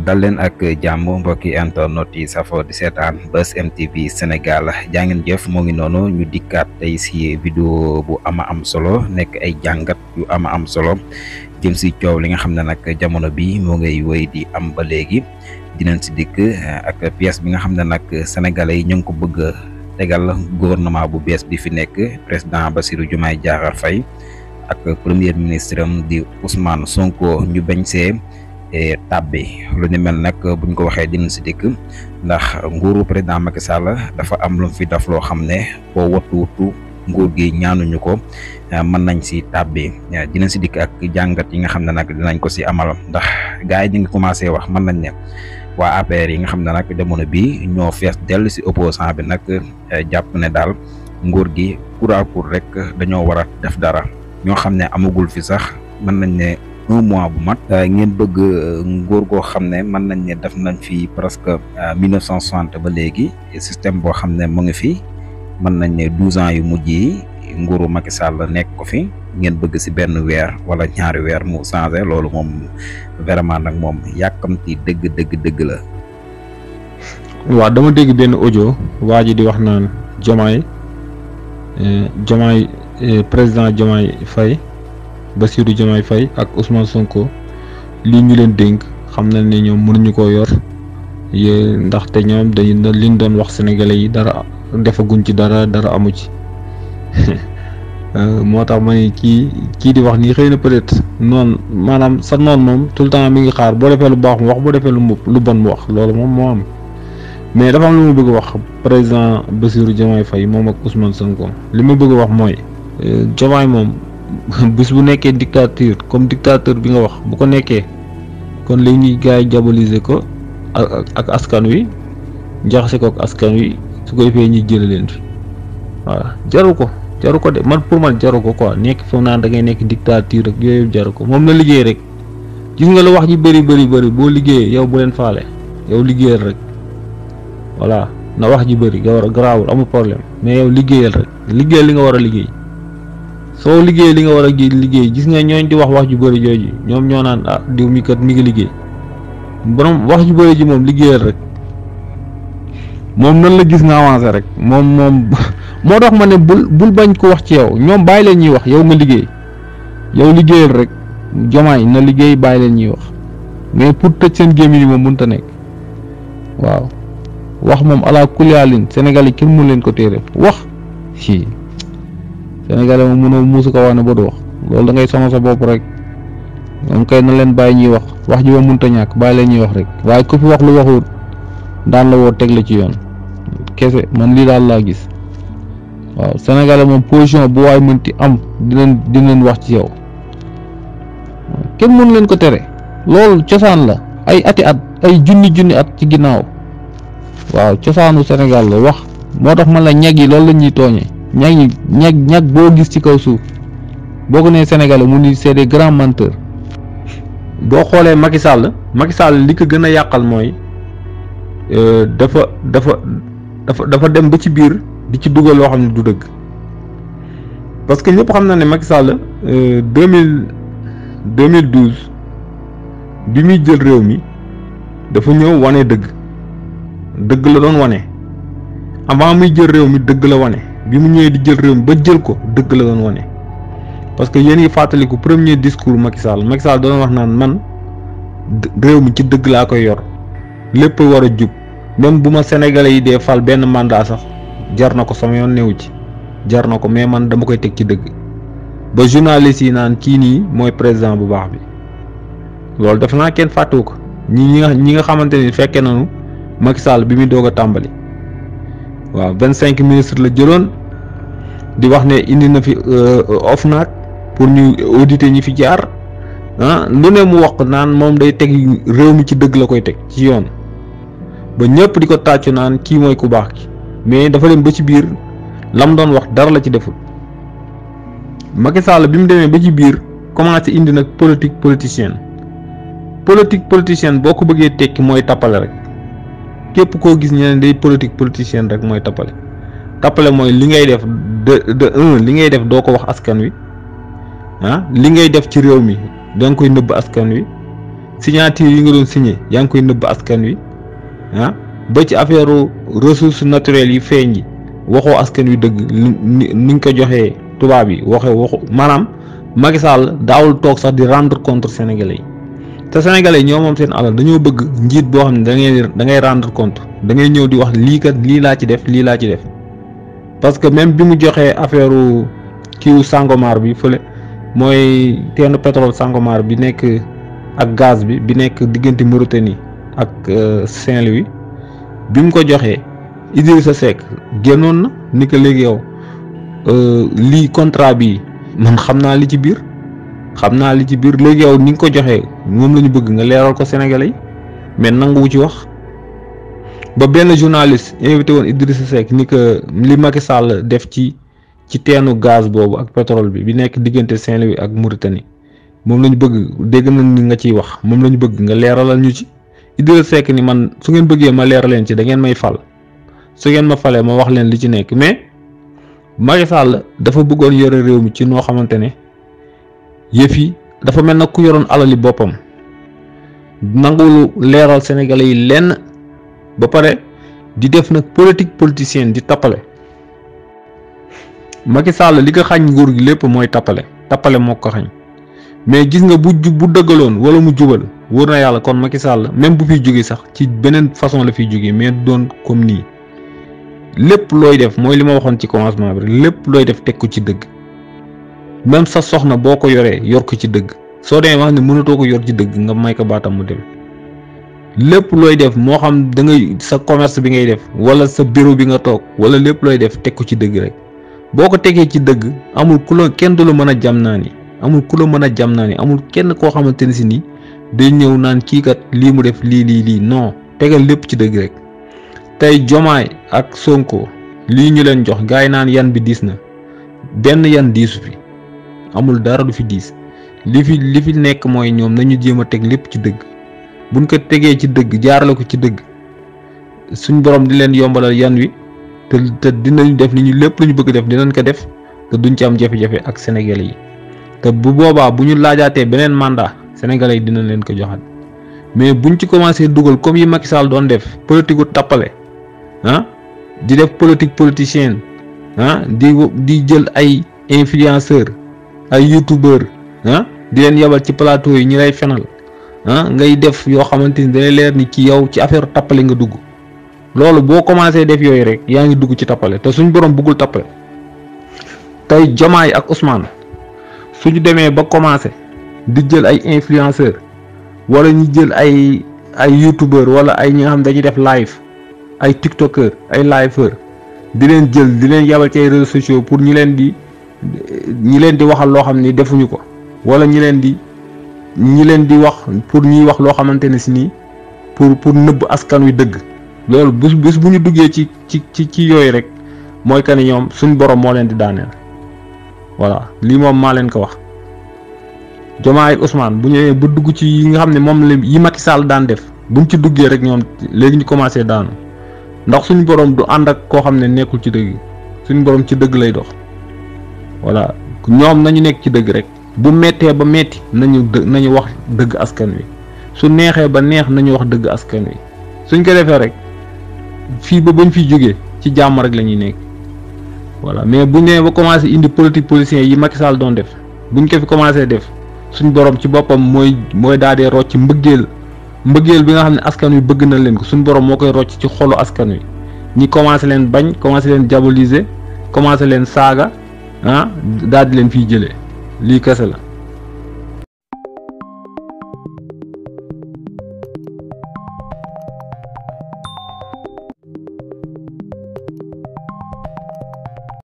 dal leen ak jamm mbokki internet yi safo 17 bus MTV Senegal, jangan jeuf mo ngi nono ñu dikkat tay si vidéo bu ama am solo neke ay jangat yu ama am solo jëm ci ciow li nga xamne nak jamono bi mo ngay di am ba léegi dinañ ci dikk eh, ak pièce bi nga xamne nak sénégalais ñu ko bëgg tégal gouvernement bu bees bi fi nek président basirou djumaï Diakhar fay ak premier ministre di Ousmane Sonko ñu bañ E, tabbe lu ni mel nak buñ ko waxe dina ci dekk ndax nguru president Macky Sall dafa am lu fi daf lo xamne bo wattu wattu nguur gi ñaanuñu ko e, man nañ ci tabbe e, dina ci dekk ak jangat yi nga xamne nak dinañ ko ci amal ndax gaay ñi ngi commencé wax man nañ ne wa APR yi nga xamne nak demono bi ño fess del ci opposant bi nak japp ne dal nguur gi kura kur rek dañoo wara def dara ño xamne amagul fi sax man nañ ne un mois bu mag euh, ngeen bëgg euh, nguur goo xam ne mën nañ ne def nañ fi presque euh, mille neuf cent ba léegi système boo xam ne mu ngi fi mën nañ ne douze ans yu mujj yi nguuru Macky Sall nekk ko fi ngeen bëgg si benn weer wala ñaari weer mu changé loolu moom vraiment nag moom yàkkamti dëgg dëgg dëgg la. waaw dama dégg benn ojo waa ji di wax naan Diomaye Diomaye président Diomaye Faye. basiru jamaay fay ak Ousmane Sonko li ñu leen dénk xamna ne ñoom mënuñu ko yor ye te ñoom dañu liñ doon wax sénégalais yi dara defaguñ ci dara dara amu ci euh, moo tax ki ki di wax nii xeyna na peut-être noonu maanaam sa non mom tout temps mi ngi xaar bo defé lu baax wax bo defé lu mup lu bon mu wax lolu moom mo am mais dafa am lu bëgg wax président Bassirou Diomaye fay mom ak Ousmane Sonko limu bëgg wax moy euh, mom bis bu nekkee dictature comme dictateur bi nga wax bu ko nekkee kon li ñuy gars yi ko ak askan wi jaxase ko ak askan wi su ko defee ñuy jëlee leen fi voilà jaru ko jaru ko de man pour man jaru ko quoi nekk foofu naan da ngay nekk dictature ak yooyu jaru ko moom na liggéey rek gis nga lu wax ji bëri bëri bëri boo liggéeyee yow bu leen faale yow liggéeyal rek voilà na wax ji bëri nga war a garaawul amul problème mais yow liggéeyal rek li nga war a liggéey. soo liggéey li nga war a liggéey gis nga ñooñ di wax wax ju bëri jooju ñoom ñoo naan ah diw mi kat mi ngi liggéey borom wax ju bëri ji moom liggéeyal rek moom nan la gis nga avancé rek moom moom moo tax ma ne bul bañ ko wax ci yow ñoom bàyyi leen ñuy wax yow nga liggéey yow liggéeyal rek jomaay na liggéey bàyyi leen ñuy wax mais pour tëj seen gémmiñ yi moom mënut a nekk waaw wax moom ala kulli Sénégal yi kenn mënu leen ko téere wax Sénégalais moom mënoo muusu ko wax ne ba du wax loolu da ngay sonal sa bopp rek moom koy na leen bàyyi ñuy wax wax ji moom mënut a ñàkk bàyyi leen ñuy wax rek waaye ku fi wax lu waxul daan la woo teg la ci yoon kese man lii daal laa gis waaw Sénégalais moom position bu waay mënti am dinañ dinañ wax ci yow kenn mënu leen ko tere loolu cosaan la ay ati at ay junni junni at ci ginnaaw waaw cosaanu Sénégal la wax moo tax man la ñag yi loolu la ñuy tooñee. ñag ñi ñag ñag boo gis ci kaw suuf boo ko nee sénégalais mu ni c'est des grands boo xoolee Macky Sall Macky Sall li ko gën a yàqal mooy euh, dafa dafa dafa dafa dem ba ci biir di ci dugal loo xam ne du dëgg parce que ñëpp xam na ne Macky Sall euh, deux mille deux mille bi muy jël réew mi dafa ñëw wane dëgg dëgg la doon wane avant muy jël réew mi dëgg la wane. bi mu ñëwee di jël réew mi ba jël ko dëgg la doon wane parce que yéen yi fàttaliku premier discours Macky Sall Macky Sall doon wax naan man réew mi ci dëgg laa koy yor lépp war a jub même bu ma sénégalais yi dee fal benn mandat sax jar na ko sama yoon newu ci jar na ko mais man dama koy teg ci dëgg ba journaliste yi naan kii nii mooy président bu baax bi loolu def naa kenn fàttewu ko ñi ñi nga ñi nga xamante ni fekkee nañu Macky bi muy doog a tàmbali. waaw vingt cinq ministres la jëloon di wax ne indi na fi euh, OFNAC pour ñu auditer ñi fi jaar ah lu ne mu wax naan moom day teg réew mi ci dëgg la koy teg ci yoon ba ñëpp di ko tàccu naan kii mooy ku baax ki mais dafa dem ba ci biir la mu doon wax dara la ci deful Macky Sall bi mu demee ba ci biir commencé indi nag politique politicienne politique politicienne boo ko bëggee tekki mooy tappale rek. képp koo gis ñeneen day politique politicienne rek mooy tappale tappale mooy li ngay def de de un li ngay def doo ko wax askan wi ah li ngay def ci réew mi da nga koy nëbb askan wi signature yi nga doon signé yaa ngi askan wi ah ba ci affaire ressources naturelles yi feeñ yi waxoo askan wi dëgg ni ni nga ko joxee tubaab yi waxe waxu maanaam Macky daawul toog sax di rendre contre sénégal yi. te sénégalais ñoo moom seen alal dañoo bëgg njiit boo xam ne da ngay da ngay rendre compte da ngay ñëw di wax lii kat lii laa ci def lii laa ci def parce que même bi mu joxee affaire kiiw sangomar bi fële mooy teenu pétrole sangomar bi nekk ak gaz bi bi nekk diggante Mauritanie ak euh, Saint Louis bi mu ko joxee Idrissa Seck génnoon na ni que léegi yow euh, lii contrat bi man xam li ci biir xam naa li ci biir léegi yow ni nga ko joxee moom la ñu bëgg nga leeral ko Sénégalais yi mais nanguwu ci wax ba benn journaliste invité woon Idrissa Seck ni que li Macky Sall def ci ci teenu gaz boobu ak pétrole bi bi nekk diggante seen louis ak Mauritanie moom la ñu bëgg dégg nañ ni nga ciy wax moom la ñu bëgg nga leeralal ñu ci Idrissa Seck ni man su ngeen bëggee ma leeral leen ci da ngeen may fal su ngeen ma falee ma wax leen li ci nekk mais Macky dafa bëggoon yore réew ci noo xamante ne. yëf yi dafa mel na ku yoroon alali boppam nangulu leeral sénégalais yi lenn ba pare di def nag politique politicienne di tappale Macky Sall li ko xañ nguur gi lépp mooy tappale tappale moo ko xañ mais gis nga bu jub bu dëggaloon wala mu jubal wóor na yàlla kon Macky Sall même bu fiy jógee sax ci beneen façon la fiy jógee mais doon comme nii lépp looy def mooy li ma waxoon ci commencement bi lépp looy def teg ko ci dëgg. même sa soxna boo ko yoree yor ko ci dëgg soo demee wax ne mënatoo ko yor ci dëgg nga may ko baatam mu dem lépp looy def moo xam dangay sa commerce bi ngay def wala sa bureau bi nga toog wala lépp looy def teg ko ci dëgg rek boo ko tegee ci dëgg amul ku la kenn du la mën a jam naa ni amul ku la mën a jam naa ni amul kenn koo xamante ne si ni day ñëw naan kii kat lii mu def lii lii lii non tegal lépp ci dëgg rek tey jomaay ak sonko lii ñu leen jox gaay naan yan bi diis na benn yan diisu fi amul dara du fi diis li fi li fi nekk mooy ñoom nañu jéem a teg lépp ci dëgg buñ ko tegee ci dëgg jaarale ko ci dëgg suñ borom di leen yombalal yan wi te te dinañ def li ñu lépp lu ñu bëgg def dinañ ko def te duñ ci am jafe-jafe ak sénégalais yi te bu boobaa bu ñu laajaatee beneen mandat sénégalais yi dinañ leen ko joxaat mais buñ ci commencé dugal comme yi Macky Sall doon def politique gu tappale ah di def politique politicienne ah di di jël ay influenceur ay youtubeur ah di leen yabal ci palateau yi ñi lay fenal ah ngay def yoo xamante ni day leer ni ci yow ci affaire tappale nga dugg loolu boo commencé def yooyu rek yaa ngi dugg ci tappale te suñ borom bëggul tappale tey Diomaye ak Ousmane suñu demee ba commencé di jël ay influenceur wala ñu jël ay ay youtubeur wala ay ñi nga xam dañuy def live ay tiktokeur ay liveur di leen jël di leen yabal ci ay réseaux sociaux pour ñu leen di ñi leen di waxal loo xam ni defuñu ko wala ñi leen di ñi leen di wax pour ñuy wax loo xamante ne si nii pour pour nëbb askan wi dëgg loolu bés bés bu ñu duggee ci ci ci ci yooyu rek mooy que ni ñoom suñ borom moo leen di daaneel voilà lii moom maa leen ko wax. Diomaye ak bu ñëwee ba dugg ci yi nga xam ne moom la yi Macky Sall daan def buñ ci duggee rek ñoom léegi ñu commencé daanu ndax suñu borom du ànd ak koo xam ne nekkul ci dëgg suñu borom ci dëgg lay dox. voilà ñoom nañu nekk ci dëgg rek bu mettee ba metti nañu dë nañu wax dëgg askan wi su neexee ba neex nañu wax dëgg askan wi suñ ko defee rek fii ba bañ fi jógee ci jàmm rek la ñuy nekk voilà mais bu nee ba commencé indi politique policiers yi Macky Sall doon def buñ ko fi commencé def suñ borom ci boppam mooy mooy daa dee rocc mbëggeel mbëggeel bi nga xam ne askan wi bëgg na leen ko suñ borom moo koy rocc ci xolu askan wi ñi commencé leen bañ commencé leen diaboliser commencé leen saaga. ah daal di leen fiy jëlee lii kese la.